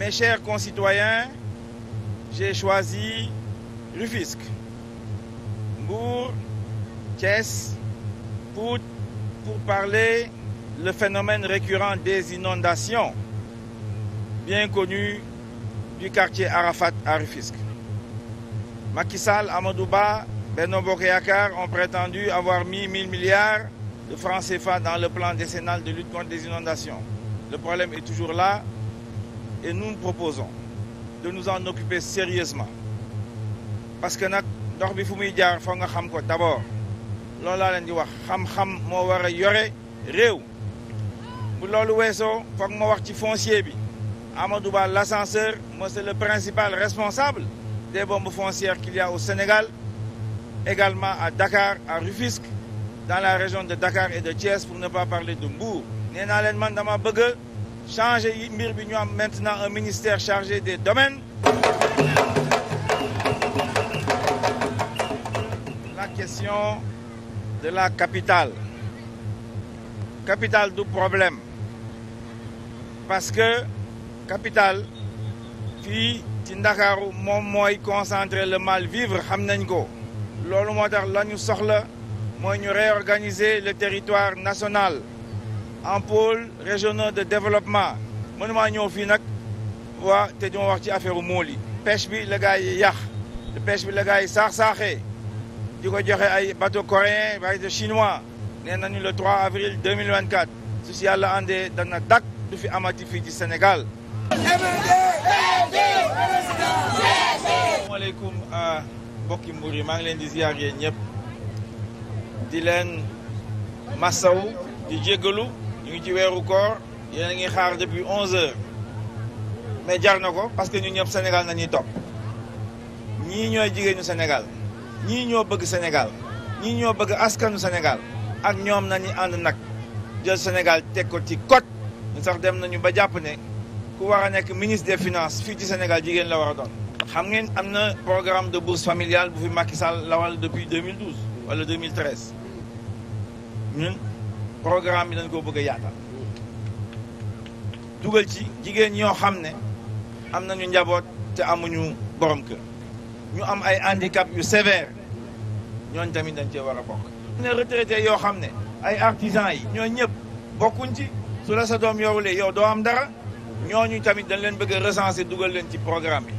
mes chers concitoyens, j'ai choisi Rufisque, Bourg, Thiès, pour, pour parler le phénomène récurrent des inondations, bien connu du quartier Arafat à Rufisque. Macky Sall, Amadouba, Beno Bokeyakar ont prétendu avoir mis 1000 milliards de francs CFA dans le plan décennal de lutte contre les inondations. Le problème est toujours là, et nous proposons de nous en occuper sérieusement parce que nag ndox bi fu muy jaar foog nga xam ko d'abord loolu laa leen di wax xam-xam moo war yore réew bu loolu weesoo foog ma wax ci foncier bi Amadou Ba l'ascenseur moo c'est le principal responsable des bombes foncières qu'il y a au Sénégal également à Dakar à Rufisque dans la région de Dakar et de Thiès pour ne pas parler de Mbour nee naa leen man dama bëgg changer yi mbir bi ñu am maintenant un ministère chargé des domaines la question de la capitale capitale du problème parce que capitale fii ci Ndakaaru moom mooy concentrer le mal vivre xam nañ ko loolu moo tax la ñu soxla mooy ñu réorganiser le territoire national en pôle régional de développement mënu maa ñëw fii nag waa te duma wax ci affaire u mool yi pêche bi la gars yi yàq te bi la gars yi saax-saaxee di ko joxe ay bateau coréen bateau chinois nee nañu le 3 avril 2024 su si yàlla àndee dana dakk du fi amati fi ci Sénégal asalaamaaleykum ah, mbokki Mbour yi maa ngi leen di ziar yéen ñëpp di leen massaw di jéggalu ñu ci weeru koor yéen a ngi xaar depuis onze heures mais jar na ko parce que ñun ñëpp Sénégal nañuy topp ñii ñooy jigéenu Sénégal ñii ñoo bëgg Sénégal ñii ñoo bëgg askanu Sénégal ak ñoom nañu ànd nag jël Sénégal teg ko ci kot ñu sax dem nañu ba jàpp ne ku war a nekk ministre de finance fii ci Sénégal jigéen la war a doon. xam ngeen am na programme de bourse familiale bu fi Macky Sall lawal depuis 2012 wala 2013 programme bi dañ koo bëgg a yaatal dugal ci jigéen ñoo xam ne am nañu njaboot te amuñu borom kër ñu am ay handicap yu sévère ñooñ tamit dañ cee war a bokk ne retraité yoo xam ne ay artisans yi ñoo ñëpp bokkuñ ci su la sa doom yorule yow doo am dara ñooñu tamit dañ leen bëgg a dugal leen ci programme bi